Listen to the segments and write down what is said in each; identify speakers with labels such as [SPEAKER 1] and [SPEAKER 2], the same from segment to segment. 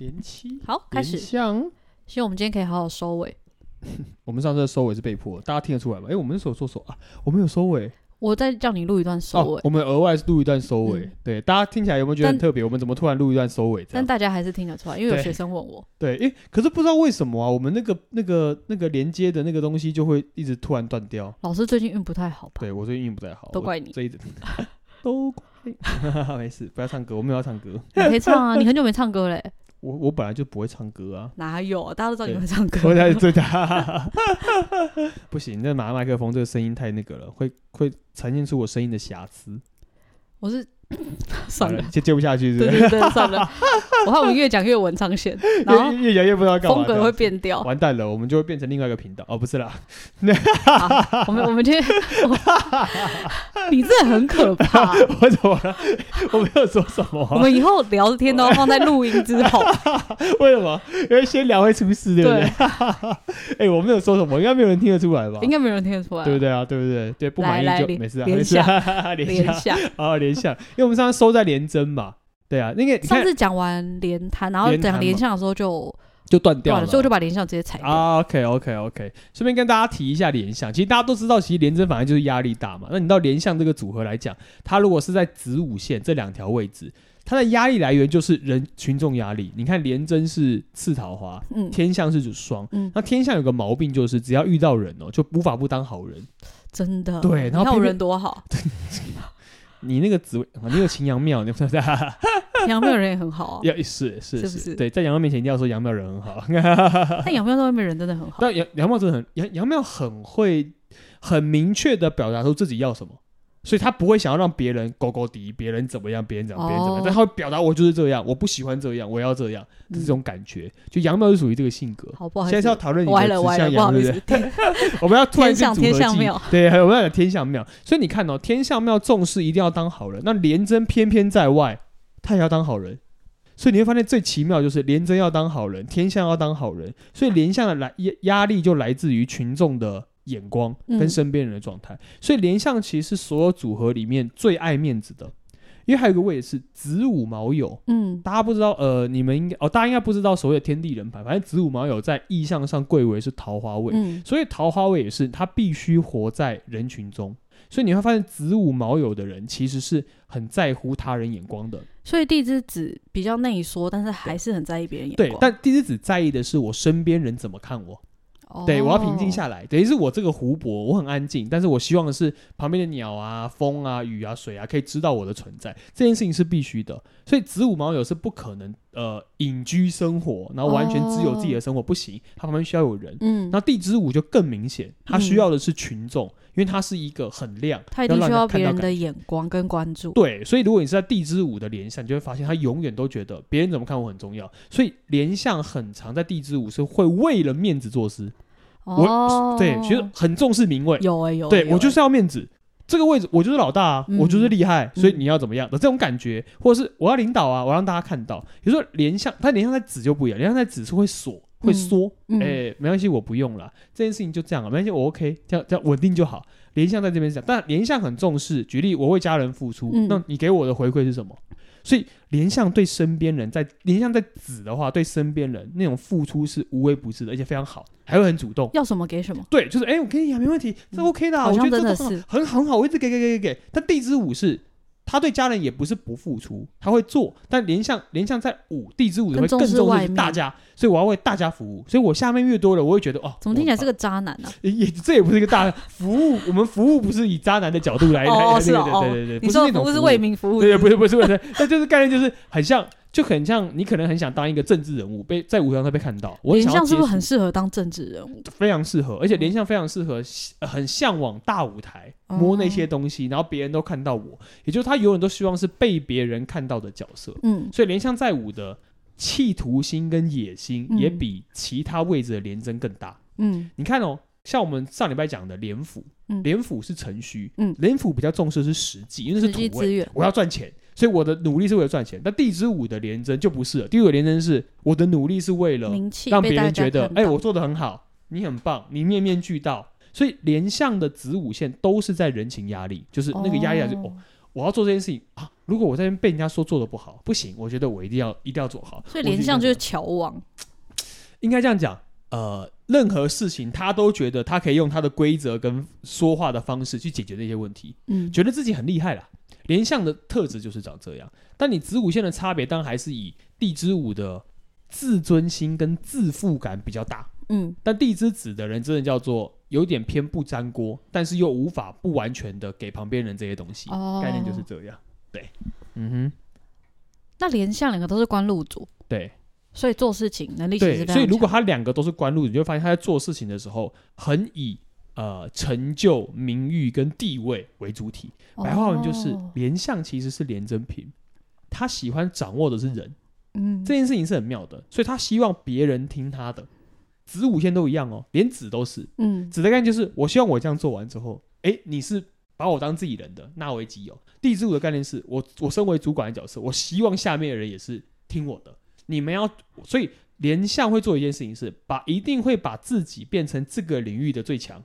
[SPEAKER 1] 連
[SPEAKER 2] 七好開始，希望我們今天可以好好收尾。
[SPEAKER 1] 我們上次的收尾是被迫，大家聽得出來吧？哎，我們說說說啊，我沒有收尾，
[SPEAKER 2] 我再叫你錄一段收尾。我們
[SPEAKER 1] 額外是錄一段收尾，對大家聽起來有沒有覺得很特別？我們怎麼突然錄一段收尾？
[SPEAKER 2] 但大家還是聽得出來，因為有學生問我。
[SPEAKER 1] 對，哎，可是不知道為什麼啊，我們那個那個那個連接的那個東西就會一直突然斷掉。老
[SPEAKER 2] 師最近運不太好
[SPEAKER 1] 吧？對我最近運不太好，都怪你。都怪你，沒事，不要唱歌，我沒有要唱歌。你可以唱啊，你
[SPEAKER 2] 很久沒唱歌嘞。
[SPEAKER 1] 我我本來就不會唱歌啊，哪有？大家都知道你會唱歌，對我才是最大。不行，那拿麥克風，這個聲音太那個了，會會呈現出我聲音的瑕疵。
[SPEAKER 2] 我是。算了，
[SPEAKER 1] 就接不下去，是不是？對，
[SPEAKER 2] 算了，我怕我們越講越文昌線，然後
[SPEAKER 1] 越講越不知道幹嘛，風格會變掉，完蛋了，我們就會變成另外一個頻道哦，不是啦，
[SPEAKER 2] 我們我們今天，你這很可怕，
[SPEAKER 1] 我怎麼了？我沒有說什麼，我們以
[SPEAKER 2] 後聊天都放在錄音之後，
[SPEAKER 1] 為什麼？因為先聊會出事，對不對？哎，我沒有說什麼，應該沒有人聽得出來吧？應該沒有人聽得出來，對不對啊？對不對？對，不滿意就沒事，連下連下啊，連下。因為我們上次收在廉貞嘛，對啊，那個上次
[SPEAKER 2] 講完廉貪，然後講廉，廉，貪廉相的時候
[SPEAKER 1] 就就斷掉了，啊、所以我就
[SPEAKER 2] 把廉相直接
[SPEAKER 1] 踩掉。啊，OK OK OK，順便跟大家提一下廉相，其實大家都知道，其實廉貞反而就是壓力大嘛。那你到廉相這個組合來講，它如果是在子午線這兩條位置，它的壓力來源就是人群眾壓力。你看廉貞是次桃花，嗯，天相是雙，嗯、那天相有個毛病就是只要遇到人哦、喔，就無法不當好人，
[SPEAKER 2] 真的，對，你看我人多好。
[SPEAKER 1] 你那個紫薇、啊，你有秦陽廟，你不知道哈哈秦
[SPEAKER 2] 陽廟人也很好、啊、
[SPEAKER 1] 要，是是是，是不是？對，在楊廟面前一定要說楊廟人很好。
[SPEAKER 2] 但楊廟在外面人真的很
[SPEAKER 1] 好的。但楊楊廟真的很楊楊廟很會很明確的表達出自己要什麼。所以他不會想要讓別人高高低低，別人怎麼樣，別人怎樣，別、哦、人怎麼樣，但他會表達我就是這樣，我不喜歡這樣，我要這樣，嗯、這種感覺。就陽廟是屬於這個性格，不好現在是要討論你的指向廟，對不對？我們要突然組合，天相廟，對，我們要有天相廟，所以你看哦、喔，天相廟重視一定要當好人，那廉貞偏偏在外，他也要當好人，所以你會發現最奇妙的就是廉貞要當好人，天相要當好人，所以廉相的來壓力就來自於群眾的，眼光跟身邊人的狀態，嗯、所以廉相其實是所有組合裡面最愛面子的，因為還有一個位置是子午卯酉，嗯，大家不知道，呃，你們應該哦、大家應該不知道所謂的天地人排，反正子午卯酉在意象上貴為是桃花位，嗯、所以桃花位也是他必須活在人群中，所以你會發現子午卯酉的人其實是很在乎他人眼光的，
[SPEAKER 2] 所以地支子比較內縮，但是還是很在意別人眼光，對，
[SPEAKER 1] 但地支子在意的是我身邊人怎麼看我。
[SPEAKER 2] 對，oh. 我要平靜
[SPEAKER 1] 下來，等於、就是我這個湖泊，我很安靜，但是我希望的是旁邊的鳥啊、風啊、雨啊、水啊，可以知道我的存在，這件事情是必須的，所以子午卯酉是不可能，呃，隱居生活，然後完全只有自己的生活、哦、不行，他旁邊需要有人。嗯，那地支午就更明顯，他需要的是群眾，嗯、因為他是一個很亮，低他一定需要別人的
[SPEAKER 2] 眼光跟關注。對，
[SPEAKER 1] 所以如果你是在地支午的廉貞，你就會發現他永遠都覺得別人怎麼看我很重要，所以廉貞很常，在地支午是會為了面子做事。
[SPEAKER 2] 哦、我對，其實
[SPEAKER 1] 很重視名位，有啊、
[SPEAKER 2] 欸欸欸欸，有，對我就
[SPEAKER 1] 是要面子。這個位置我就是老大啊，嗯、我就是厲害，所以你要怎麼樣？的、嗯、這種感覺，或者是我要領導啊，我讓大家看到。比如說廉貞他廉貞在子就不一樣，廉貞在子是會鎖會縮，哎、嗯嗯欸，沒關係，我不用了，這件事情就這樣了、啊，沒關係，我 OK，這樣穩定就好。廉貞在這邊是這樣但廉貞很重視。舉例，我為家人付出，嗯、那你給我的回饋是什麼？所以，廉相對身邊人在廉相在子的話，對身邊人那種付出是無微不至的，而且非常好，還會很主動，要什麼給什麼。對，就是哎、欸，我給你啊，沒問題，這 OK 的。嗯、的是我覺得真的是很好很好，我一直給給給給給。但地支午是。他對家人也不是不付出，他會做，但廉相廉相在午，地支午，他會更重視大家，所以我要為大家服務，所以我下面越多了，我會覺得哦，怎麼聽起來打是個渣男呢、啊？也這也不是一個大 服務，我們服務不是以渣男的角度來來是的， 對、對、對、對、對對對，哦哦是哦、不是那種服務服務是為民
[SPEAKER 2] 服務是是，對、對，
[SPEAKER 1] 不是不是不是，但 就是概念就是很像。就很像你可能很想當一個政治人物，被在舞台上被看到。我想廉相是不是很
[SPEAKER 2] 適合當政治人物？
[SPEAKER 1] 非常適合，而且廉相非常適合、嗯呃、很向往大舞台，摸那些東西，嗯、然後別人都看到我。也就是他永遠都希望是被別人看到的角色。嗯，所以廉相在午的企圖心跟野心也比其他位置的廉貞更大。嗯，你看哦，像我們上禮拜講的廉府，廉府是辰戌，嗯，廉府、嗯、比較重視的是實際，因為是土味，我要賺錢。嗯所以我的努力是為了賺錢，但地子五的廉貞就不是了。第五個廉貞是我的努力是為了讓別人覺得，哎、欸，我做的很好，你很棒，你面面俱到。所以廉相的子午線都是在人情壓力，就是那個壓力，力，就哦，哦，我要做這件事情啊！如果我在這邊被人家說做的不好，不行，我覺得我一定要一定要做好。所以廉相就是喬王，應該這樣講。呃，任何事情他都覺得他可以用他的規則跟說話的方式去解決這些問題，嗯，覺得自己很厲害了。廉相的特質就是長這樣，但你子午線的差別，當然還是以地支午的自尊心跟自負感比較大。嗯，但地支子的人真的叫做有點偏不沾鍋，但是又無法不完全的給旁邊人這些東西，哦、概念就是這樣。對，嗯哼。
[SPEAKER 2] 那廉相兩個都是官祿主，對，所以做事情能力其實對所以如果
[SPEAKER 1] 他兩個都是官祿，你就會發現他在做事情的時候很以。呃，成就名譽跟地位為主體，白話文就是，哦、廉相其實是廉貞平，他喜歡掌握的是人。嗯，這件事情是很妙的，所以他希望別人聽他的。子午線都一樣哦，廉子都是，嗯，子的概念就是我希望我這樣做完之後，欸、你是把我當自己人的，納為己有。地支午的概念是我，我身為主管的角色，我希望下面的人也是聽我的，你們要，所以廉相會做一件事情是把一定會把自己變成這個領域的最強。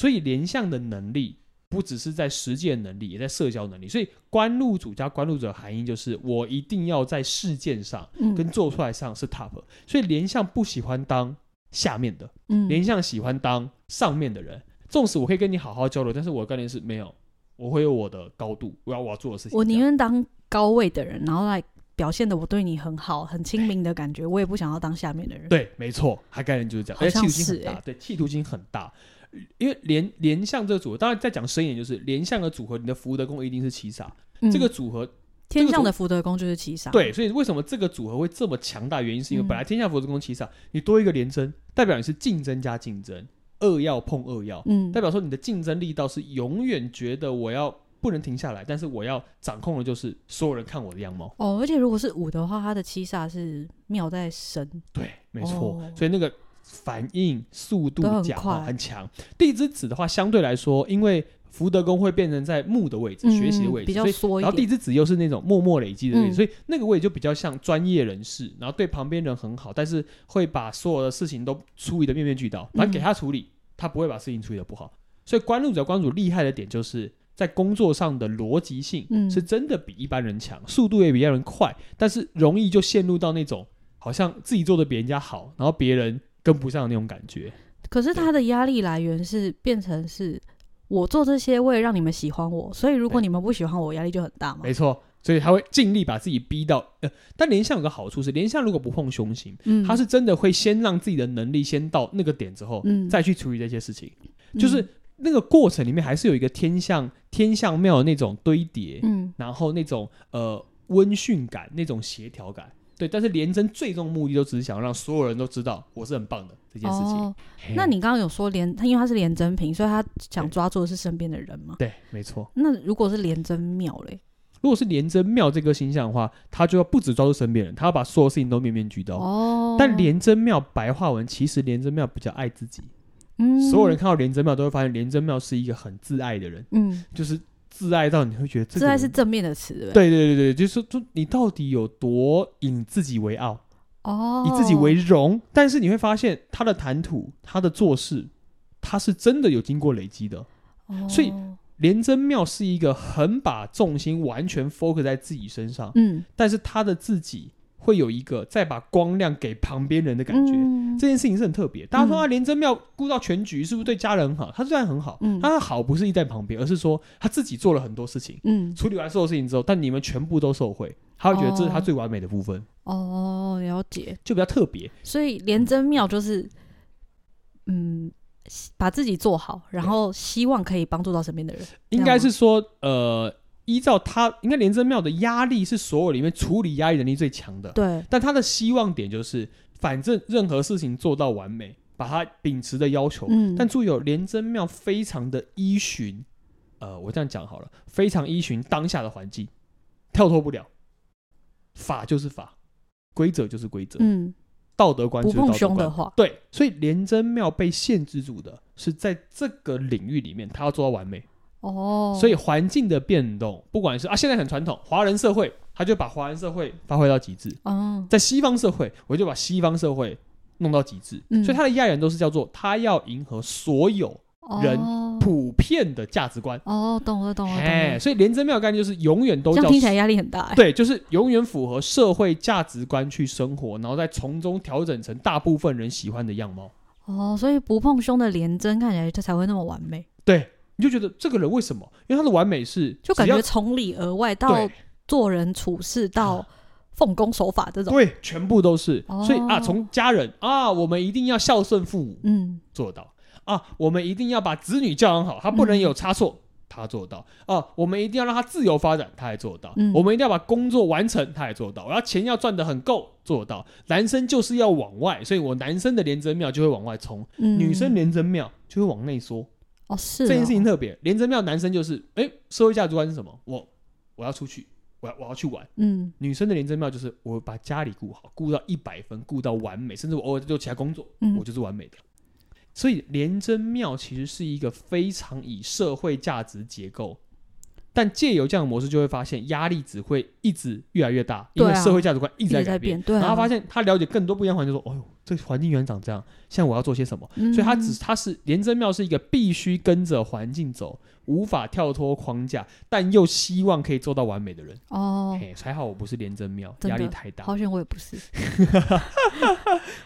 [SPEAKER 1] 所以廉相的能力不只是在實踐能力，也在社交能力。所以官祿主加官祿者的含義就是，我一定要在事件上、跟做出來上是 top。所以廉相不喜歡當下面的，廉相喜歡當上面的人。縱使我可以跟你好好交流，但是我的概念是沒有，我會有我的高度，我要我要做的事情。我寧
[SPEAKER 2] 願當高位的人，然後來表現的我對你很好、很親民的感覺。我也不想要當下面的人。
[SPEAKER 1] 對，欸、沒錯，他概念就是這樣。好像是大對，企圖心很大。嗯嗯因為廉廉相這個組合，當然在講深一點，就是廉相的組合，你的福德宮一定是七殺。嗯、這個組合，
[SPEAKER 2] 天相的福德宮就是七殺。對，
[SPEAKER 1] 所以為什麼這個組合會這麼強大？原因是因為本來天相福德宮七殺，嗯、你多一個廉貞代表你是競爭加競爭，惡曜碰惡曜，嗯，代表說你的競爭力道是永遠覺得我要不能停下來，但是我要掌控的就是所有人看我的樣貌。
[SPEAKER 2] 哦，而且如果是午的話，它的七殺是廟在申，
[SPEAKER 1] 對，沒錯，哦、所以那個。反應速度快，講話很強。地之子的話，相對來說，因為福德宮會變成在木的位置，嗯、學習的位置，比較縮一點，所以然後地之子又是那種默默累積的位置，嗯、所以那個位置就比較像專業人士，然後對旁邊人很好，但是會把所有的事情都處理的面面俱到。反正給他處理，嗯、他不會把事情處理的不好。所以官祿主官主厲害的點，就是在工作上的邏輯性是真的比一般人強，嗯、速度也比一般人快，但是容易就陷入到那種好像自己做的比人家好，然後別人。跟不上那種感覺，
[SPEAKER 2] 可是他的壓力來源是變成是我做這些為了讓你們喜歡我，所以如果你們不喜歡我，壓對力就很大嘛。
[SPEAKER 1] 沒錯，所以他會盡力把自己逼到對、呃、但廉貞有個好處是，廉貞如果不碰凶星，嗯、他是真的會先讓自己的能力先到那個點之後，嗯、再去處理這些事情。嗯、就是那個過程裡面還是有一個天相天相廟那種堆疊，嗯，然後那種呃溫馴感，那種協調感。對，但是廉貞最終目的都只是想讓所有人都知道我是很棒的這件事
[SPEAKER 2] 情。哦，那你剛剛有說廉他，因為他是廉貞平，所以他想抓住的是身邊的人嗎？對、
[SPEAKER 1] 對，沒錯。
[SPEAKER 2] 那如果是廉貞廟嘞？
[SPEAKER 1] 如果是廉貞廟這個形象的話，他就要不止抓住身邊人，他要把所有事情都面面俱到。哦。但廉貞廟白話文其實廉貞廟比較愛自己。嗯。
[SPEAKER 2] 所有人
[SPEAKER 1] 看到廉貞廟都會發現，廉貞廟是一個很自愛的人。嗯。就是。自愛到你會覺得自愛是
[SPEAKER 2] 正面的詞，對
[SPEAKER 1] 對對，就是說，你到底有多以自己為傲，
[SPEAKER 2] 哦，以自己為
[SPEAKER 1] 榮，但是你會發現他的談吐、他的做事，他是真的有經過累積的，
[SPEAKER 2] 哦、所以
[SPEAKER 1] 廉貞廟是一個很把重心完全 focus 在自己身上，嗯，但是他的自己。會有一個再把光亮給旁邊人的感覺，嗯、這件事情是很特別。大家說他廉貞廟顧到全局，是不是對家人很好？嗯、他雖然很好，嗯、但他好不是一直在旁邊，而是說他自己做了很多事情，嗯、處理完所有事情之後，但你們全部都受惠。他會覺得這是他最完美的部分。
[SPEAKER 2] 哦，哦，了解，就比較特別。所以廉貞廟就是，嗯，把自己做好，然後希望可以幫助到身邊的人。對應
[SPEAKER 1] 該是說，呃。依照他應該廉貞廟的壓力是所有裡面處理壓力能力最強的，對。但他的希望點就是，反正任何事情做到完美，把他秉持的要求。嗯。但注意、哦、廉貞廟非常的依循，呃，我這樣講好了，非常依循當下的環境，跳脫不了，法就是法，規則就是規則，嗯，道德觀就是道德觀。對，所以廉貞廟被限制住的是，在這個領域裡面，他要做到完美。哦，oh. 所以環境的變動，不管是啊，現在很傳統，華人社會，他就把華人社會發揮到極致。嗯，uh. 在西方社會，我就把西方社會弄到極致。嗯，所以他的藝人都是叫做他要迎合所有人普遍的價值觀。哦、
[SPEAKER 2] oh. oh,，懂了懂了。哎嘿，所
[SPEAKER 1] 以廉貞有概念就是永遠都這樣，聽起來壓
[SPEAKER 2] 力很大哎。對，
[SPEAKER 1] 就是永遠符合社會價值觀去生活，然後再從中調整成大部分人喜歡的樣貌。
[SPEAKER 2] 哦，oh, 所以不碰凶的廉貞看起來他才會那麼完美。
[SPEAKER 1] 對。你就覺得這個人為什麼？因為他的完美是，就感覺從
[SPEAKER 2] 裡而外到做人處事到奉公守法這種，對，全部都是。所以啊，從
[SPEAKER 1] 家人啊，我們一定要孝順父母，嗯，做到啊，我們一定要把子女教養好，他不能有差錯，嗯、他做到啊，我們一定要讓他自由發展，他也做到。嗯、我們一定要把工作完成，他也做到。然後錢要賺得很夠，做到。男生就是要往外，所以我男生的廉貞廟就會往外衝，嗯、女生廉貞廟就會往內縮。
[SPEAKER 2] 哦，是哦，這件事情
[SPEAKER 1] 特別。廉貞廟男生就是，哎、欸，社會價值觀是什麼？我我要出去，我要我要去玩。嗯，女生的廉貞廟就是，我把家裡顧好，顧到一百分，顧到完美，甚至我偶爾就做其他工作，嗯、我就是完美的。所以廉貞廟其實是一個非常以社會價值結構。但借由這樣的模式，就會發現壓力只會一直越來越大，啊、因為社會價值觀一、啊、一直在變。啊、然後他發現他了解更多不一樣環境說，啊、哎呦，這環、個、境原來長這樣，現在我要做些什麼？嗯、所以他只是他是廉貞廟是一個必須跟着環境走。無法跳脫框架，但又希望可以做到完美的人哦、oh,，還好我不是廉貞廟，壓的力太大。好像我也不是，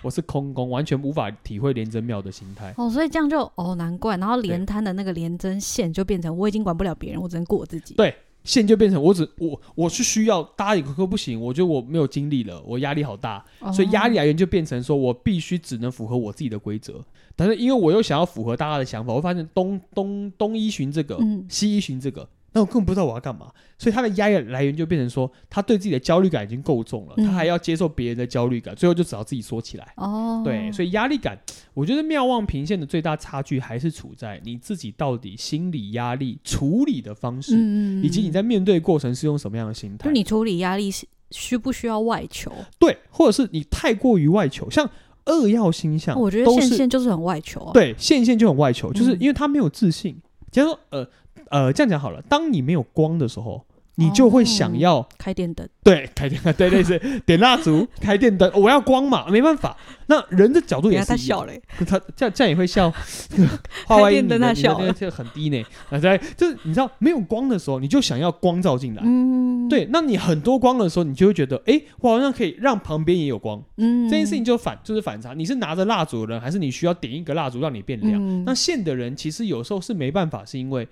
[SPEAKER 1] 我是空宮，完全無法體會廉貞廟的心態哦
[SPEAKER 2] ，oh, 所以這樣就哦難怪，然後廉貪的那個廉貞線就變成我已經管不了別人，對我只能顧我自己。對。線
[SPEAKER 1] 就變成我只我我是需要，大家一個個不行，我覺得我沒有精力了，我壓力好大，哦、所以壓力來源就變成說我必須只能符合我自己的規則。但是因為我又想要符合大家的想法，我發現東東東一尋這個，嗯、西一尋這個。那我根本不知道我要幹嘛，所以他的壓力來源就變成說，他對自己的焦慮感已經夠重了，嗯、他還要接受別人的焦慮感，最後就只好自己縮起來。哦，
[SPEAKER 2] 對，所
[SPEAKER 1] 以壓力感，我覺得廟旺平陷的最大差距還是處在你自己到底心理壓力處理的方式，嗯、以及你在面對過程是用什麼樣的心態。
[SPEAKER 2] 就你處理壓力需不需要外求？
[SPEAKER 1] 對，或者是你太過於外求，像二曜星象，我覺得線線
[SPEAKER 2] 就是很外求啊。
[SPEAKER 1] 對，線線就很外求，就是因為他沒有自信。假如說呃。呃，這樣講好了。當你沒有光的時候，oh, 你就會想要開電燈，對，開電燈，對，對，對，點蠟燭、 開電燈、哦，我要光嘛，沒辦法。那人的角度也是一樣，他，他笑嘞，他這樣這樣也會笑。開電燈，他笑，這很低呢。那在、啊、就是你知道，沒有光的時候，你就想要光照進來。嗯，對。那你很多光的時候，你就會覺得，哎、欸，我好像可以讓旁邊也有光。
[SPEAKER 2] 嗯，這件事情
[SPEAKER 1] 就反就是反差。你是拿着蠟燭的人，還是你需要點一個蠟燭讓你變亮？嗯、那線的人其實有時候是沒辦法，是因為。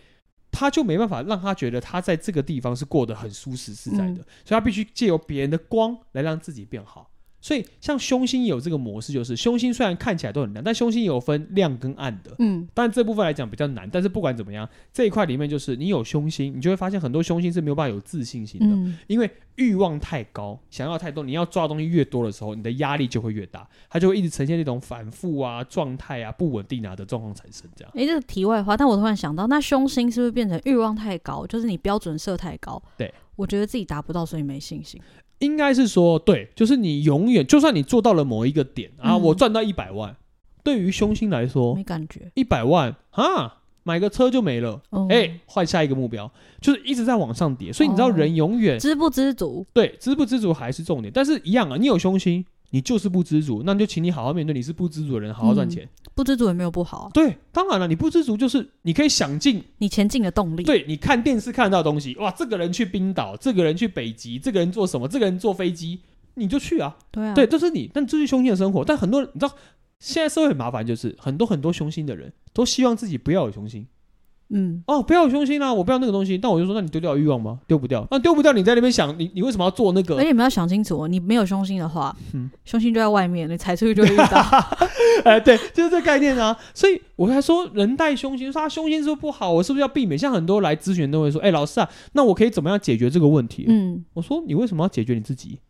[SPEAKER 1] 他就沒辦法讓他覺得他在這個地方是過得很舒適自在的。嗯，所以他必須借由別人的光來讓自己變好。所以，像凶星也有這個模式，就是凶星雖然看起來都很亮，但凶星有分亮跟暗的。嗯，但這部分來講比較難，但是不管怎麼樣，這一塊裡面就是你有凶星，你就會發現很多凶星是沒有辦法有自信心的，嗯、因為慾望太高，想要太多，你要抓的東西越多的時候，你的壓力就會越大，它就會一直呈現那種反覆啊、狀態啊、不穩定啊的狀況產生。這
[SPEAKER 2] 樣，哎、欸，這是、個、題外話，但我突然想到，那凶星是不是變成慾望太高，就是你標準設太高？對，我覺得自己達不到，所以沒信心。
[SPEAKER 1] 應該是說，對，就是你永遠，就算你做到了某一個點啊，嗯、我賺到一百萬，對於凶星來說，沒感覺，一百萬啊，買個車就沒了，哎、哦欸，換下一個目標，就是一直在往上疊。所以你知道，人永遠、哦、知
[SPEAKER 2] 不知足？
[SPEAKER 1] 對，知不知足還是重點。但是，一樣啊，你有凶星，你就是不知足，那你就請你好好面對，你是不知足的人，好好賺錢。嗯
[SPEAKER 2] 不知足也沒有不好啊。對，當然
[SPEAKER 1] 了，你不知足就是你可以想盡你前進的動力。對，你看電視看到的東西，哇，這個人去冰島，這個人去北極，這個人做什麼，這個人坐飛機，你就去啊。對啊，對，都是你。但這是雄心的生活，但很多人你知道，現在社會很麻煩，就是很多很多雄心的人都希望自己不要有雄心。嗯哦，不要有凶星啦，我不要那個東西，但我就說，那你丟掉欲望嗎？丟不掉，那、啊、丟不掉，你在那邊想，你你為什麼要做那個？而且
[SPEAKER 2] 你們要想清楚，你沒有凶星的話，嗯，凶星就在外面，你踩出去就會遇到。
[SPEAKER 1] 哎、 呃，對，就是這個概念啊 所。所以我還說，人帶凶星，說他凶星是不是不好？我是不是要避免？像很多來諮詢都會說，哎、欸，老師啊，那我可以怎麼樣解決這個問題？嗯，我說你為什麼要解決你自己？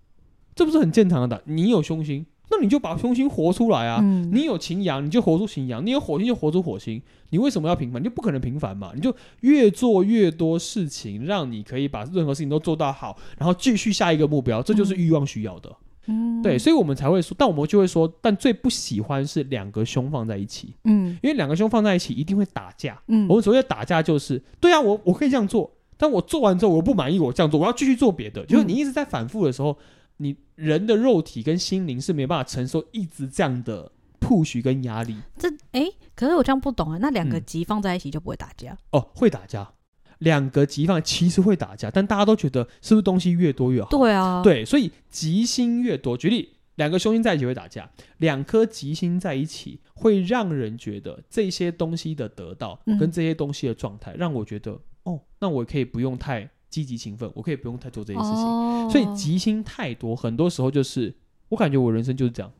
[SPEAKER 1] 這不是很正常的？你有凶星。那你就把兇星活出來啊！嗯、你有擎羊，你就活出擎羊；你有火星，就活出火星。你為什麼要平凡？你就不可能平凡嘛！你就越做越多事情，讓你可以把任何事情都做到好，然後繼續下一個目標。這就是欲望需要的，嗯、對。所以我們才會說，但我們就會說，但最不喜歡是兩個兇放在一起，嗯，因為兩個兇放在一起一定會打架，嗯。我們所謂的打架就是，對啊，我我可以這樣做，但我做完之後我不滿意，我這樣做，我要繼續做別的。就是你一直在反覆的時候。嗯你人的肉體跟心靈是沒辦法承受一直這樣的 push 跟壓力。
[SPEAKER 2] 這哎，可是我這樣不懂啊，那兩個吉放在一起就不會打架？嗯、
[SPEAKER 1] 哦，會打架。兩個吉放其實會打架，但大家都覺得是不是東西越多越好？對啊，對，所以吉星越多，舉例兩個凶星在一起會打架，兩顆吉星在一起會讓人覺得這些東西的得到跟這些東西的狀態，嗯、讓我覺得哦，那我可以不用太。積極勤奮，我可以不用太做這些事情，哦、所以吉星太多，很多時候就是我感覺我人生就是這樣，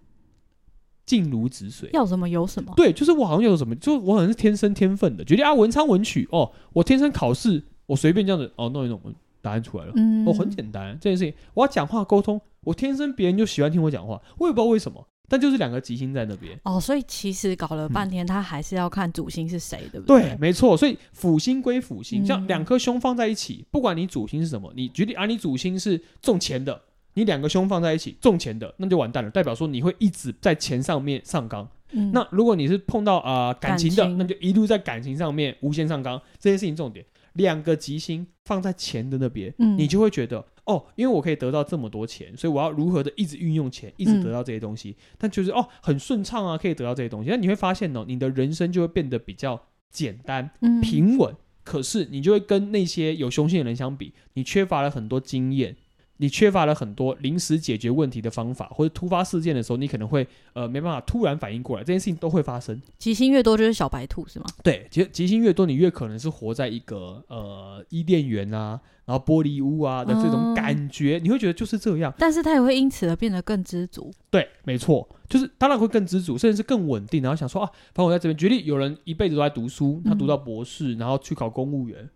[SPEAKER 1] 靜如止水，要
[SPEAKER 2] 什麼有什麼。對，
[SPEAKER 1] 就是我好像有什麼，就我好像是天生天分的，覺得啊，文昌文曲哦，我天生考試，我隨便這樣子哦，弄一弄答案出來了，嗯、哦，很簡單，這件事情。我要講話溝通，我天生別人就喜歡聽我講話，我也不知道為什麼。但就是兩個吉星在那邊
[SPEAKER 2] 哦，所以其實搞了半天，嗯、他還是要看主星是誰的。對，對，對，
[SPEAKER 1] 沒錯。所以輔星歸輔星，像兩顆凶放在一起，嗯、不管你主星是什麼，你決定啊，你主星是重錢的，你兩個凶放在一起，重錢的，那就完蛋了，代表說你會一直在錢上面上綱。嗯、那如果你是碰到啊、呃、感情的，情那就一路在感情上面無限上綱。這些事情重點，兩個吉星放在錢的那邊，嗯、你就會覺得。哦，因為我可以得到這麼多錢，所以我要如何的一直運用錢，一直得到這些東西？嗯、但就是哦，很順暢啊，可以得到這些東西。但你會發現呢、喔，你的人生就會變得比較簡單、嗯、平穩。可是你就會跟那些有凶心的人相比，你缺乏了很多經驗。你缺乏了很多臨時解決問題的方法，或者突發事件的時候，你可能會呃沒辦法突然反應過來，這件事情都會發生。
[SPEAKER 2] 吉星越多就是小白兔是嗎？
[SPEAKER 1] 對，其實吉星越多，你越可能是活在一個呃伊甸園啊，然後玻璃屋啊的這種感覺，呃、你會覺得就是這樣。
[SPEAKER 2] 但是他也會因此而變得更知足。
[SPEAKER 1] 對，沒錯，就是當然會更知足，甚至是更穩定。然後想說啊，反正我在這邊。舉例，有人一輩子都在讀書，他讀到博士，嗯、然後去考公務員。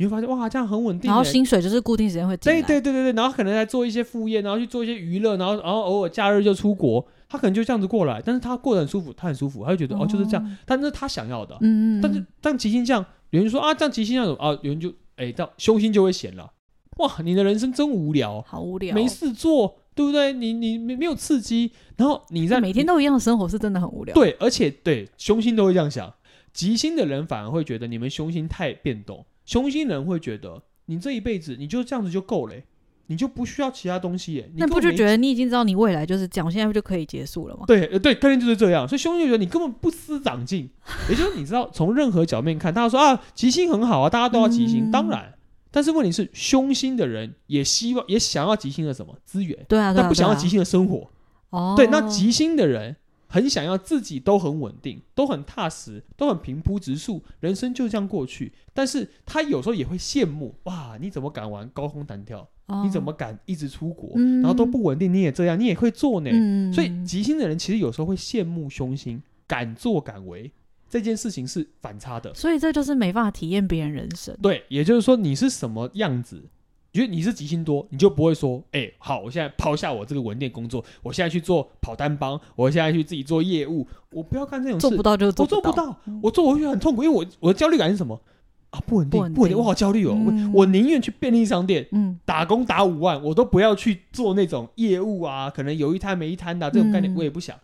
[SPEAKER 1] 你會發現哇，這樣很穩定，然後薪水就是固定時間會進。對對對對對，然後可能在做一些副業，然後去做一些娛樂，然後然後偶爾假日就出國，他可能就這樣子過來，但是他過得很舒服，他很舒服，他就覺得哦，哦就是這樣，但是他想要的，嗯，嗯，嗯但是當吉星這樣，有人說啊，這樣吉星這樣啊，有人就哎，到凶星就會閒了，哇，你的人生真無聊，好無聊，沒事做，對不對？你你沒沒有刺激，
[SPEAKER 2] 然後你在每天都一樣的生活是真的很無聊，對，
[SPEAKER 1] 而且對凶星都會這樣想，吉星的人反而會覺得你們凶星太變動。凶星人會覺得，你這一輩子你就這樣子就夠了、欸，你就不需要其他東西耶、欸。那不就覺得
[SPEAKER 2] 你已經知道你未來就是講，現在不就可以結束了嘛？
[SPEAKER 1] 對，對，概念就是這樣。所以凶星人覺得你根本不思長進， 也就是你知道，從任何角度看，他說啊，吉星很好啊，大家都要吉星，嗯、當然。但是問題是，凶星的人也希望也想要吉星的什麼資源對、啊？對啊，那不想要吉星的生活？
[SPEAKER 2] 哦，對，那吉
[SPEAKER 1] 星的人。很想要自己都很穩定，都很踏實，都很平鋪直敘，人生就這樣過去。但是他有時候也會羨慕哇，你怎麼敢玩高空彈跳？哦、你怎麼敢一直出國，嗯、然後都不穩定？你也這樣，你也會做呢。嗯、所以吉星的人其實有時候會羨慕兇星，敢做敢為這件事情是反差的。所以
[SPEAKER 2] 這就是沒辦法體驗別人人生。
[SPEAKER 1] 對，也就是說你是什麼樣子。因為你是吉星多，你就不會說，哎、欸，好，我現在拋下我這個穩定工作，我現在去做跑單幫，我現在去自己做業務，我不要幹這種事，做不到就做不到，我做不到，嗯、我做回去很痛苦，因為我我的焦慮感是什麼啊？不穩定，不穩定，不穩定，我好焦慮哦。嗯、我寧願去便利商店、嗯、打工打五萬，我都不要去做那種業務啊，可能有一攤沒一攤的、啊、這種概念，我也不想。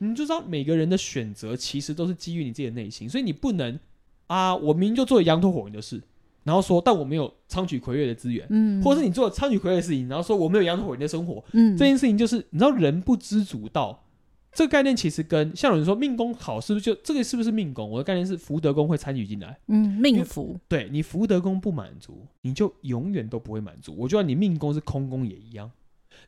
[SPEAKER 1] 嗯、你就知道每個人的選擇其實都是基於你自己的內心，所以你不能啊，我明明就做羊陀火鈴的事。然後說，但我沒有昌曲魁鉞的資源，嗯、或者是你做昌曲魁鉞的事情，然後說我沒有養活人的生活，嗯、這件事情就是你知道人不知足到這個概念，其實跟像有人說命宮好是不是就這個是不是命宮，我的概念是福德宮會參與進來，嗯，命福對你福德宮不滿足，你就永遠都不會滿足。我覺得你命宮是空宮也一樣，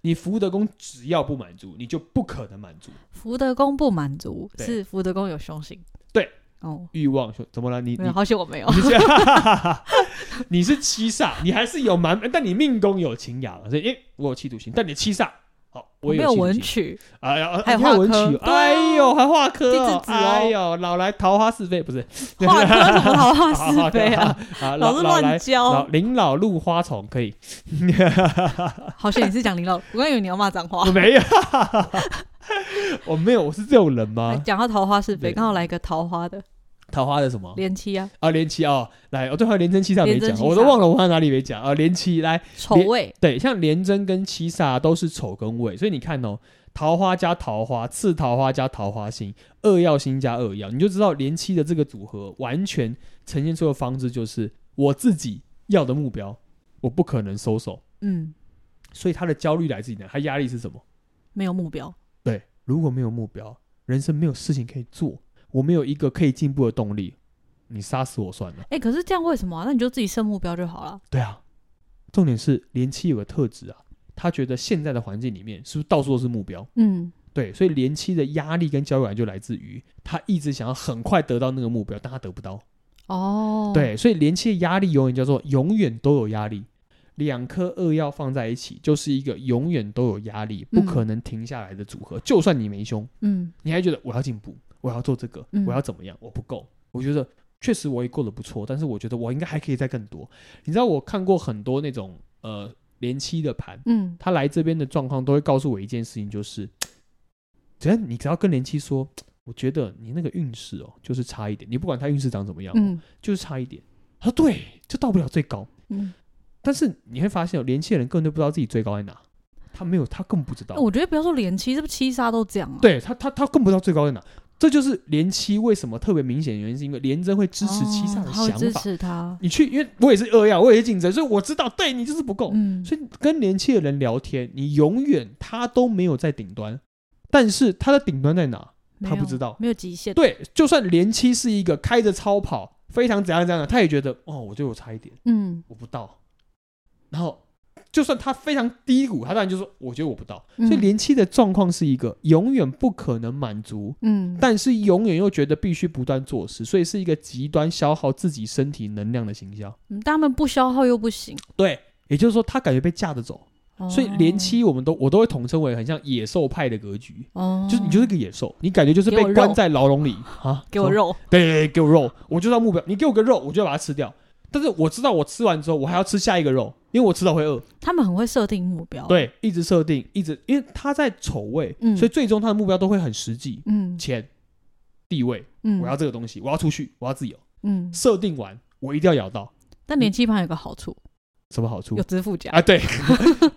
[SPEAKER 1] 你福德宮只要不滿足，你就不可能滿足。
[SPEAKER 2] 福德宮不滿足對是福德宮有凶星
[SPEAKER 1] 對。哦，慾望說怎麼了？你你好像我沒有你哈哈哈哈，你是七煞，你還是有蠻，但你命宮有情雅了。所以、欸，我有七度性，但你七煞，好、哦，我有文曲，哎呀，還化科，哎呦，哦、還化科、喔，哦、哎呦，老來桃花是非，不是化科怎麼桃花是非啊？啊，啊老，老是亂教。林老入花叢可以，
[SPEAKER 2] 好險你是講林老，我剛以為你要罵髒話，我沒有。哈哈哈
[SPEAKER 1] 哈我、 哦、沒有，我是這種人嗎？講
[SPEAKER 2] 到桃花是非，剛好來一個桃花的，
[SPEAKER 1] 桃花的什麼？廉七啊，啊廉七啊，哦，來，我最後廉貞七殺沒講，我都忘了我哪裡沒講啊。廉七來醜未對，像廉貞跟七殺都是丑跟未，所以你看哦，桃花加桃花，次桃花加桃花星，二曜星加二曜，你就知道廉七的這個組合完全呈現出的方式就是我自己要的目標，我不可能收手，嗯，所以他的焦慮來自於哪？他壓力是什麼？
[SPEAKER 2] 沒有目標。
[SPEAKER 1] 如果沒有目標，人生沒有事情可以做，我沒有一個可以進步的動力，你殺死我算了。誒、
[SPEAKER 2] 欸，可是這樣為什麼、啊？那你就自己設目標就好了。
[SPEAKER 1] 對啊，重點是廉貞有個特質啊，他覺得現在的環境裡面是不是到處都是目標？嗯，對，所以廉貞的壓力跟焦慮感就來自於他一直想要很快得到那個目標，但他得不到。
[SPEAKER 2] 哦，對，
[SPEAKER 1] 所以廉貞的壓力永遠叫做永遠都有壓力。兩顆惡曜放在一起，就是一個永遠都有壓力、不可能停下來的組合。嗯、就算你沒凶，嗯、你還覺得我要進步，我要做這個，嗯、我要怎麼樣？我不夠，我覺得確實我也過得不錯，但是我覺得我應該還可以再更多。你知道我看過很多那種呃廉七的盤，嗯、他來這邊的狀況都會告訴我一件事情，就是、嗯、只要你只要跟廉七說，我覺得你那個運勢哦，就是差一點。你不管他運勢長怎麼樣、哦，嗯、就是差一點。他說對，就到不了最高，嗯。但是你會發現有，廉七的人根本都不知道自己最高在哪？他沒有，他更不知道。我
[SPEAKER 2] 覺得不要說廉七，是不是七殺都這樣？啊。
[SPEAKER 1] 對他，他他更不知道最高在哪？這就是廉七為什麼特別明顯的原因，是因為廉貞會
[SPEAKER 2] 支持七殺的想法。哦、支持他，
[SPEAKER 1] 你去，因為我也是二呀，我也是競爭，所以我知道，對，你就是不夠。嗯、所以跟廉七的人聊天，你永遠他都沒有在頂端，但是他的頂端在哪？他不知道，沒
[SPEAKER 2] 有，沒有極限。對，
[SPEAKER 1] 就算廉七是一個開着超跑，非常怎樣怎樣的，他也覺得，哦，我覺得我差一點，嗯，我不到。然後，就算他非常低谷，他當然就說：“我覺得我不到。”嗯，所以廉七的狀況是一個永遠不可能滿足，嗯，但是永遠又覺得必須不斷做事，所以是一個極端消耗自己身體能量的形象。
[SPEAKER 2] 嗯，但他們不消耗又不行。
[SPEAKER 1] 對，也就是說他感覺被架着走，哦。
[SPEAKER 2] 所以廉
[SPEAKER 1] 七我們都我都會統稱為很像野獸派的格局。哦，就是你就是一個野獸，你感覺就是被關在牢籠裡啊，給我肉，對，給我肉，我就算目標，你給我個肉，我就要把它吃掉。但是我知道，我吃完之後，我還要吃下一個肉，因為我遲早會餓。
[SPEAKER 2] 他們很會設定目標，對，
[SPEAKER 1] 一直設定，一直，因為他在丑位，所以最終他的目標都會很實際。嗯，錢、地位，嗯，我要這個東西，我要出去，我要自由。嗯，設定完，我一定要咬到。
[SPEAKER 2] 但廉貞盤有個好處，
[SPEAKER 1] 什麼好處？有紫府夾啊！對，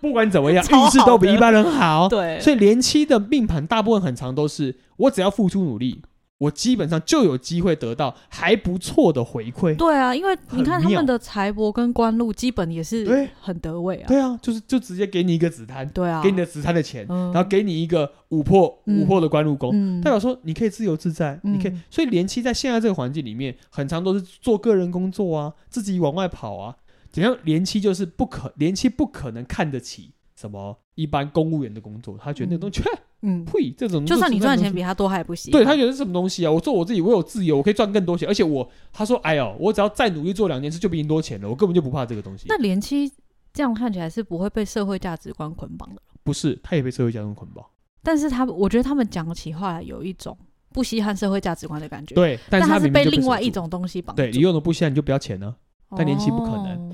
[SPEAKER 1] 不管怎麼樣，運勢都比一般人好。對，所以廉貞的命盤大部分很常，都是我只要付出努力。我基本上就有機會得到還不錯的回饋。對
[SPEAKER 2] 啊，因為你看他們的財帛跟官祿，基本也是很得位啊，對。
[SPEAKER 1] 對啊，就是就直接給你一個紫貪，對啊，給你的紫貪的錢，呃、然後給你一個五破、嗯、五破的官祿宮、嗯、代表說你可以自由自在，嗯，你可以。所以廉七在現在這個環境裡面，很常都是做個人工作啊，自己往外跑啊。怎樣？廉七就是不可，廉七不可能看得起什麼一般公務員的工作，他覺得那東西。嗯 嗯，會這種就算你賺錢比他多還不行。嗯、他不對，他覺得這是什麼東西啊？我做我自己，我有自由，我可以賺更多錢，而且我他說，哎呦，我只要再努力做兩件事，就比你多錢了。我根本就不怕這個東西。那
[SPEAKER 2] 廉七這樣看起來是不會被社會價值觀捆綁的。
[SPEAKER 1] 不是，他也被社會價值觀捆綁。
[SPEAKER 2] 但是他，我覺得他們講起話來有一種不稀罕社會價值觀的感覺。對，但是他是被另外一種東西綁住。
[SPEAKER 1] 對，你用的不稀罕，你就不要錢了、啊。但廉七不可能。哦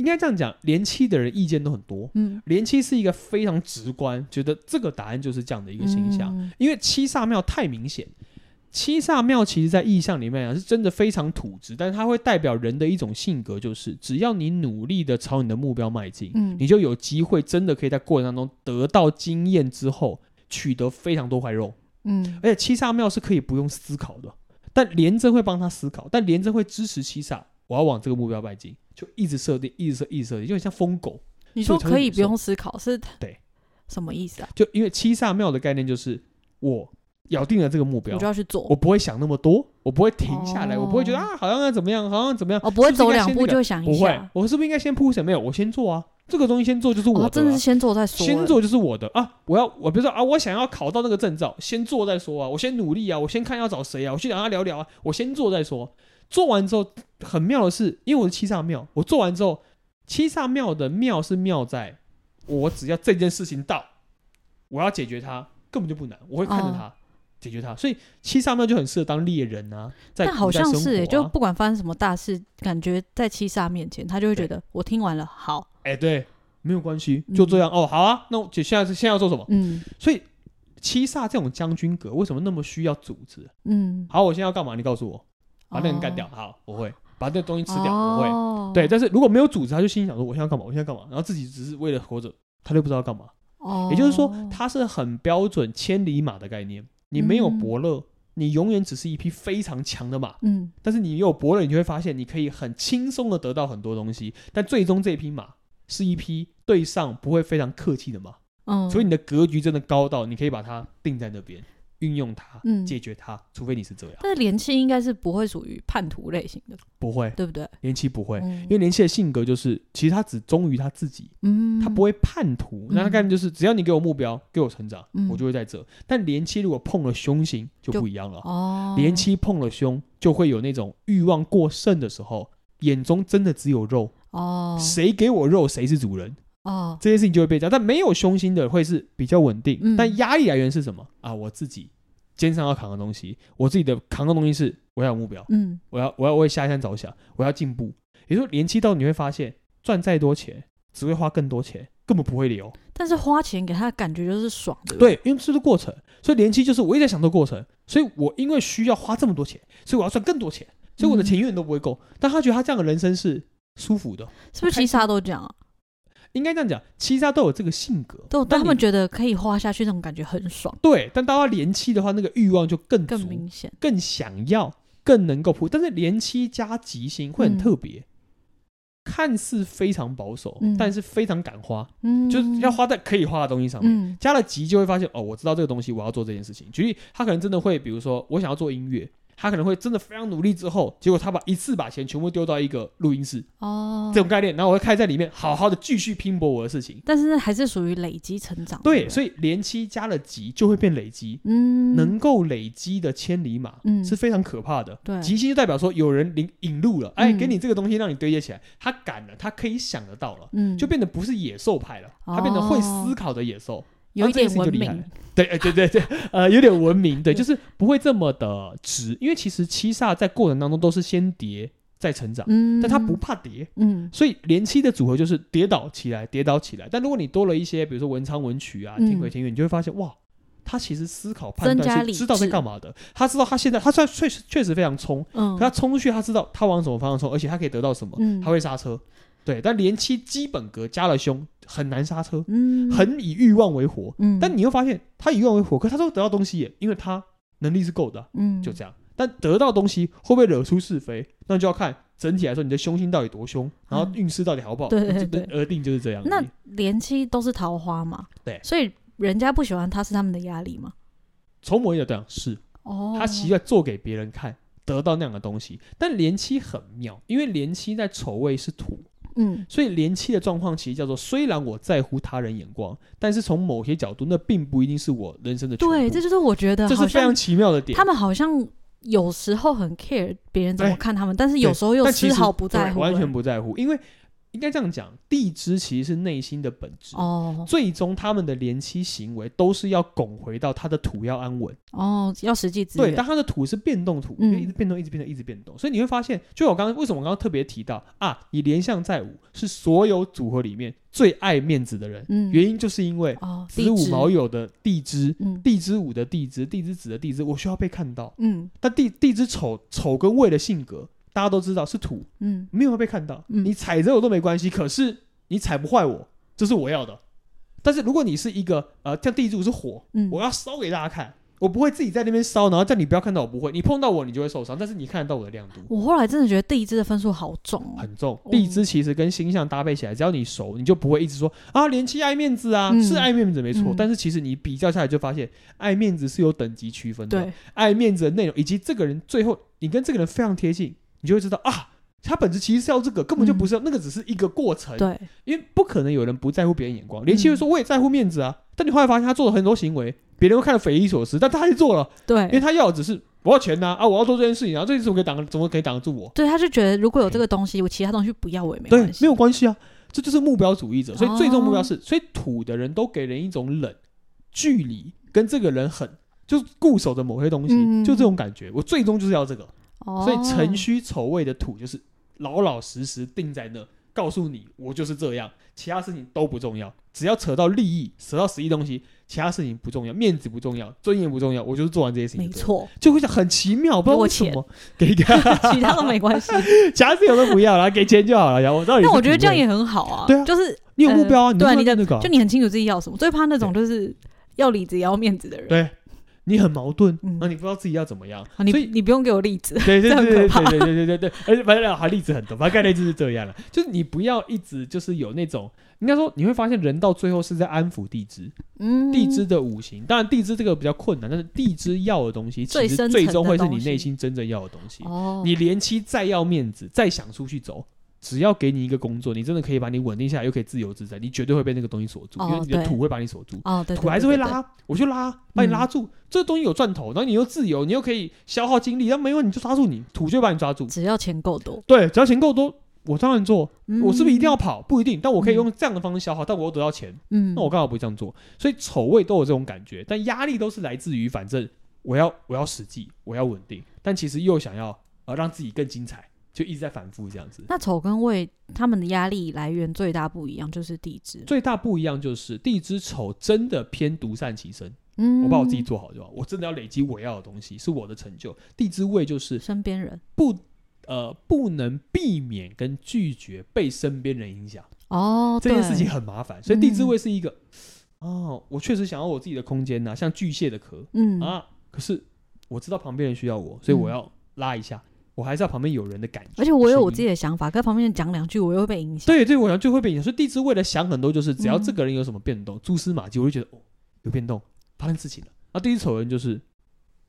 [SPEAKER 1] 應該這樣講，廉七的人意見都很多。嗯，廉七是一個非常直觀，覺得這個答案就是這樣的一個形象，嗯，因為七煞廟太明顯。七煞廟其實在意象裡面講是真的非常土直，但是它會代表人的一種性格，就是只要你努力的朝你的目標邁進，嗯，你就有機會真的可以在過程當中得到經驗之後取得非常多塊肉。嗯，而且七煞廟是可以不用思考的，但廉貞會幫他思考，但廉貞會支持七煞。我要往這個目標邁進，就一直設定，一直設，一直設定，就很像瘋狗。
[SPEAKER 2] 你說可以不用思考是？對，什麼意思啊？
[SPEAKER 1] 就因為七殺廟的概念就是我咬定了這個目標，我就要去做，我不會想那麼多，我不會停下來，哦、我不會覺得啊，好像要怎麼樣，好像怎麼樣，我、哦、不會是不是、這個、走兩步就想一下。不會，我是不是應該先鋪什麼？沒有，我先做啊，這個東西先做就是我的、啊哦，真的是先做再說、欸。先做就是我的啊！我要我比如說啊，我想要考到那個證照，先做再說啊，我先努力啊，我先看要找誰啊，我去找他聊聊啊，我先做再說。做完之後很妙的是，因為我是七煞廟，我做完之後，七煞廟的妙是妙在，我只要這件事情到，我要解決它，根本就不難，我會看着它、哦、解決它，所以七煞廟就很適合當獵人啊。但好像是、欸啊、就不
[SPEAKER 2] 管發生什麼大事，感覺在七煞面前，他就會覺得對我聽完了，好，
[SPEAKER 1] 哎、欸，對，沒有關係，就這樣、嗯、哦，好啊，那我就現在是現在要做什麼？嗯，
[SPEAKER 2] 所以七煞這
[SPEAKER 1] 種將軍格為什麼那麼需要組織？嗯，好，我現在要幹嘛？你告訴我。把那個人幹掉，好，我會把這東西吃掉，oh. 我會。對，但是如果沒有組織，他就心裡想說我：我現在幹嘛？我現在幹嘛？然後自己只是為了活着，他就不知道幹嘛。Oh. 也就是說，他是很標準千里馬的概念。你沒有伯樂，嗯、你永遠只是一匹非常強的馬。嗯。但是你有伯樂，你就會發現你可以很輕鬆的得到很多東西。但最終這匹馬是一匹對上不會非常客氣的馬。嗯。Oh. 所以你的格局真的高到，你可以把它定在那邊。運用它，嗯，解決它，除非你是這樣。
[SPEAKER 2] 但是廉貞應該是不會屬於叛徒類型的，不會，對不對？廉貞不會，
[SPEAKER 1] 因為廉貞的性格就是，其實他只忠於他自己，嗯，他不會叛徒。那他概念就是，只要你給我目標，給我成長，我就會在這。但廉貞如果碰了兇星就不一樣了哦。廉貞碰了兇，就會有那種慾望過剩的時候，眼中真的只有肉哦。誰給我肉，誰是主人哦。這些事情就會被焦。但沒有兇星的會是比較穩定，但壓力來源是什麼啊？我自己。肩上要扛的東西，我自己的扛的東西是我要有目標，嗯，我，我要我要為下一站着想，我要進步。也就是說廉貞到你會發現，賺再多錢只會花更多錢，根本不會留。
[SPEAKER 2] 但是花錢給他的感覺就是爽的。對，對，
[SPEAKER 1] 對，因為這個過程，所以廉貞就是我一直在享受過程，所以我因為需要花這麼多錢，所以我要賺更多錢，所以我的錢永遠都不會夠。嗯、但他覺得他這樣的人生是舒服的，
[SPEAKER 2] 是不是？其實他都這樣啊。太應
[SPEAKER 1] 該這樣講，七殺都有這個性格，
[SPEAKER 2] 都對你他們覺得可以花下去，那種感覺很爽。
[SPEAKER 1] 對，但到他廉七的話，那個欲望就更更明顯，更想要，更能夠花。但是廉七加吉星會很特別，嗯、看似非常保守，嗯、但是非常敢花，嗯、就是要花在可以花的東西上面。嗯、加了吉就會發現哦，我知道這個東西，我要做這件事情。舉例，他可能真的會，比如說我想要做音樂。他可能會真的非常努力之後，結果他把一次把錢全部丟到一個錄音室哦，這種概念，然後我會開在裡面，好好的繼續拼搏我的事情。
[SPEAKER 2] 但是那還是屬於累積成長。對，對吧？
[SPEAKER 1] 所以廉七加了吉就會變累積，
[SPEAKER 2] 嗯，能
[SPEAKER 1] 夠累積的千里馬是非常可怕的。嗯、對，吉星就代表說有人引引路了，哎、嗯，欸，給你這個東西讓你堆積起來，他敢了，他可以想得到了，嗯，就變得不是野獸派了，他變得會思考的野獸。哦嗯、有點文明，對，對對對， 呃，有點文明，對，就是不會這麼的直，因為其實七殺在過程當中都是先跌再成長，嗯、但他不怕跌，嗯，所以廉七的組合就是跌倒起來，跌倒起來。但如果你多了一些，比如說文昌文曲啊、天魁天鉞，嗯、你就會發現，哇，他其實思考判斷是知道在幹嘛的，他知道他現在他確確實確實非常衝，嗯，可他衝出去，他知道他往什麼方向衝，而且他可以得到什麼，嗯、他會剎車。對，但廉貞基本格加了凶，很難剎車，嗯，很以慾望為火，嗯，但你會發現他以慾望為火，可他都得到東西耶，也因為他能力是夠的，嗯，就這樣。但得到東西會不會惹出是非，那就要看整體來說你的凶星到底多凶，然後運勢到底好不好，嗯、對對，對而定就是這樣。那
[SPEAKER 2] 廉貞都是桃花嘛？對，所以人家不喜歡他是他們的壓力嘛？
[SPEAKER 1] 丑魔也這樣是
[SPEAKER 2] 哦，他習慣
[SPEAKER 1] 做給別人看，得到那樣的東西。但廉貞很妙，因為廉貞在丑位是土。嗯，所以廉貞的狀況其實叫做，雖然我在乎他人眼光，但是從某些角度，那並不一定是我人生的。對，這就是我覺得，這是非常奇妙的點。他們
[SPEAKER 2] 好像有時候很 care 別人怎麼看他們，欸、但是有時候又絲毫不在乎，欸、完全不在乎，因為。
[SPEAKER 1] 應該這樣講，地支其實是內心的本質、oh. 最終他們的廉七行為都是要拱回到他的土要安穩
[SPEAKER 2] 哦，oh, 要實際對。但他的土
[SPEAKER 1] 是變動土，因、嗯、一,一直變動，一直變動，一直變
[SPEAKER 2] 動。所以你會發現，
[SPEAKER 1] 就我剛剛為什麼我剛剛特別提到啊，你廉相在午，是所有組合裡面最愛面子的人，嗯、原因就是因為、oh, 子午卯酉的地支、嗯，地支午的地支，地支子的地支，我需要被看到，嗯。但地地支丑丑跟未的性格。大家都知道是土，嗯，沒有被看到。嗯、你踩着我都沒關係，可是你踩不壞我，這是我要的。但是如果你是一個呃，像地支是火，嗯，我要燒給大家看，我不會自己在那邊燒，然後叫你不要看到我不會。你碰到我，你就會受傷，但是你看得到我的亮度。
[SPEAKER 2] 我後來真的覺得地支的分數好重、哦，很
[SPEAKER 1] 重。地支其實跟星象搭配起來，只要你熟，你就不會一直說啊，廉七愛面子啊，嗯、是愛面子沒錯。嗯、但是其實你比較下來就發現，愛面子是有等級區分的。對愛面子的內容以及這個人最後，你跟這個人非常貼近。你就會知道啊，他本質其實是要這個，根本就不是要、嗯、那個，只是一個過程。對，因為不可能有人不在乎別人眼光。廉貞人說我也在乎面子啊，嗯、但你後來發現他做了很多行為，別人會看得匪夷所思，但他就做了。對，因為他要的只是我要錢吶啊，啊，我要做這件事情、啊，然後這件事我可以擋，怎麼可以擋得住我？
[SPEAKER 2] 對，他就覺得如果有這個東西，欸、我其他東西不要我也沒關係，
[SPEAKER 1] 沒有關係啊。對這就是目標主義者，所以最終目標是，哦、所以土的人都給人一種冷距離，跟這個人很就是、固守着某些東西，嗯、就這種感覺。我最終就是要這個。哦，所以辰戌丑未的土就是老老實實定在那，告訴你我就是這樣，其他事情都不重要，只要扯到利益、扯到實際東西，其他事情不重要，面子不重要，尊嚴不重要，我就是做完這些事情。沒錯，就會想很奇妙，不知道為什麼，給我錢，給，其他都沒關係，其他事情我都不要了，給錢就好了。我到底……但我覺得這樣也很好啊。對
[SPEAKER 2] 啊，就是你有目標啊，對啊，你在搞，就你很清楚自己要什麼。最怕那種就是要裡子也要面子的人。
[SPEAKER 1] 對。你很矛盾，嗯、啊，你不知道自己要怎麼樣，
[SPEAKER 2] 啊、所以你不用給我例子，對對對對對對
[SPEAKER 1] 對對，而且 可、哎、反正還、啊、例子很多，反正概念就是這樣了，就是你不要一直就是有那種，應該說你會發現人到最後是在安撫地支，嗯，地支的五行，當然地支這個比較困難，但是地支要的東西其實最終會是你內心真正要的東西，哦、你連期再要面子，再想出去走。只要給你一個工作，你真的可以把你穩定下來，又可以自由自在，你絕對會被那個東西鎖住，oh, 因為你的土會把你鎖住。哦、oh,，oh, 對對對對對，土還是會拉，我去拉，把你拉住。嗯、這東西有賺頭，然後你又自由，你又可以消耗精力，那沒問題，你就抓住你，土就把你抓住。只要錢夠多，對，只要錢夠多，我當然做。嗯、我是不是一定要跑？不一定，但我可以用這樣的方式消耗，嗯、但我又得到錢。嗯，那我幹嘛不這樣做？所以丑未都有這種感覺，但壓力都是來自於，反正我要我要實際，我要穩定，但其實又想要呃讓自己更精彩。就一直在反覆這樣子。那
[SPEAKER 2] 丑跟未，他們的壓力來源最大不一樣，就是地支，
[SPEAKER 1] 最大不一樣就是地支丑真的偏獨善其身，嗯，我把我自己做好就好，我真的要累積我要的東西，是我的成就。地支未就是身邊人不呃不能避免跟拒絕被身邊人影響
[SPEAKER 2] 哦，這件事情對很
[SPEAKER 1] 麻煩，所以地支未是一個、嗯、哦，我確實想要我自己的空間呐、啊，像巨蟹的殼，嗯啊，可是我知道旁邊人需要我，所以我要拉一下。嗯我還是要旁邊有人的感
[SPEAKER 2] 覺，而且我有我自己的想法，在息旁邊講兩句，我又會被影響。
[SPEAKER 1] 對對，我想就會被影響。所以地支未的想很多，就是只要這個人有什麼變動，嗯、蛛絲馬跡，我就覺得哦有變動，發生事情了。那地支丑人就是，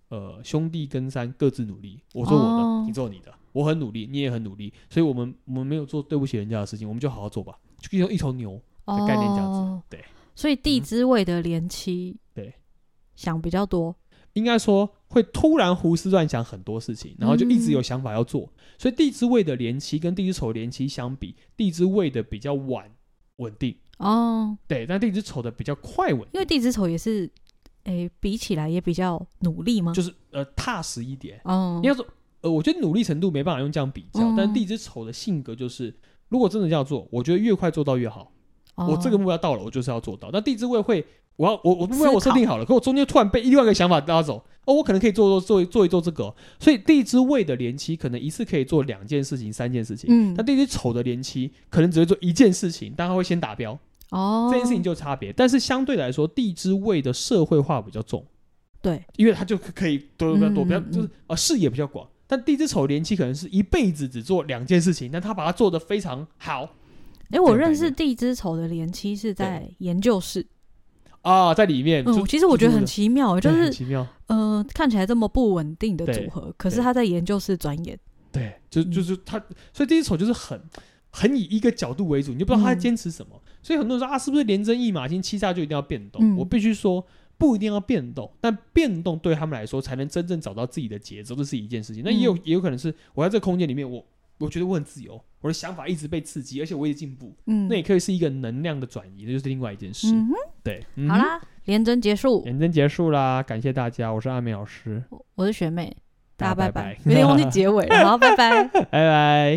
[SPEAKER 1] 呃，兄弟跟三各自努力，我做我的，哦、你做你的，我很努力，你也很努力，所以我們我們沒有做對不起人家的事情，我們就好好做吧，就變成一頭牛的概
[SPEAKER 2] 念這樣子。哦、對，所以地支未的廉七、嗯、對想比較多。
[SPEAKER 1] 應該說會突然胡思亂想很多事情，然後就一直有想法要做。嗯、所以地支未的廉貞跟地支丑廉貞相比，地支未的比較晚穩定
[SPEAKER 2] 哦。
[SPEAKER 1] 對，但地支丑的比較快穩，
[SPEAKER 2] 因為地支丑也是、欸，比起來也比較努力嘛，就是
[SPEAKER 1] 呃踏實一點。哦，要說，呃，我覺得努力程度沒辦法用這樣比較，哦、但地支丑的性格就是，如果真的要做，我覺得越快做到越好。
[SPEAKER 2] 哦、我這個
[SPEAKER 1] 目標到了，我就是要做到。那地支未會。我要我我因我設定好了，可我中間突然被另外一萬個想法拉走哦，我可能可以做做做做一做這個，所以地支未的廉貞可能一次可以做兩件事情、三件事情，嗯，他地支丑的廉貞可能只會做一件事情，但他會先達標
[SPEAKER 2] 哦，這件事情
[SPEAKER 1] 就差別。但是相對來說，地支未的社會化比較重，對，因為他就可以多，多比較多、嗯、比較就是啊、呃，視野比較廣。嗯、但地支丑的廉貞可能是一輩子只做兩件事情，但他把它做得非常好。
[SPEAKER 2] 誒、欸，我認識地支丑的廉貞是在研究室。
[SPEAKER 1] 啊，在裡面，嗯、就其實我覺得很奇妙，就是很奇妙，嗯、
[SPEAKER 2] 呃，看起來這麼不穩定的組合，對可是他在研究室轉眼，
[SPEAKER 1] 對，就就是，嗯、他，所以第一丑就是很很以一個角度為主，你就不知道他在堅持什麼，嗯、所以很多人說啊，是不是廉貞一馬金七煞就一定要變動？嗯、我必須說，不一定要變動，但變動對他們來說才能真正找到自己的節奏，這，就是一件事情。那也有，嗯、也有可能是我在這個空間裡面我。我覺得我很自由，我的想法一直被刺激，而且我也進步。嗯，那也可以是一個能量的轉移，那就是另外一件事。嗯哼，對。嗯、好啦，廉貞結束，廉貞結束啦，感謝大家，我是阿美老師，
[SPEAKER 2] 我，我是學妹，大家，大家拜拜。天、啊、忘記結尾了，然後拜拜，拜拜。
[SPEAKER 1] 拜拜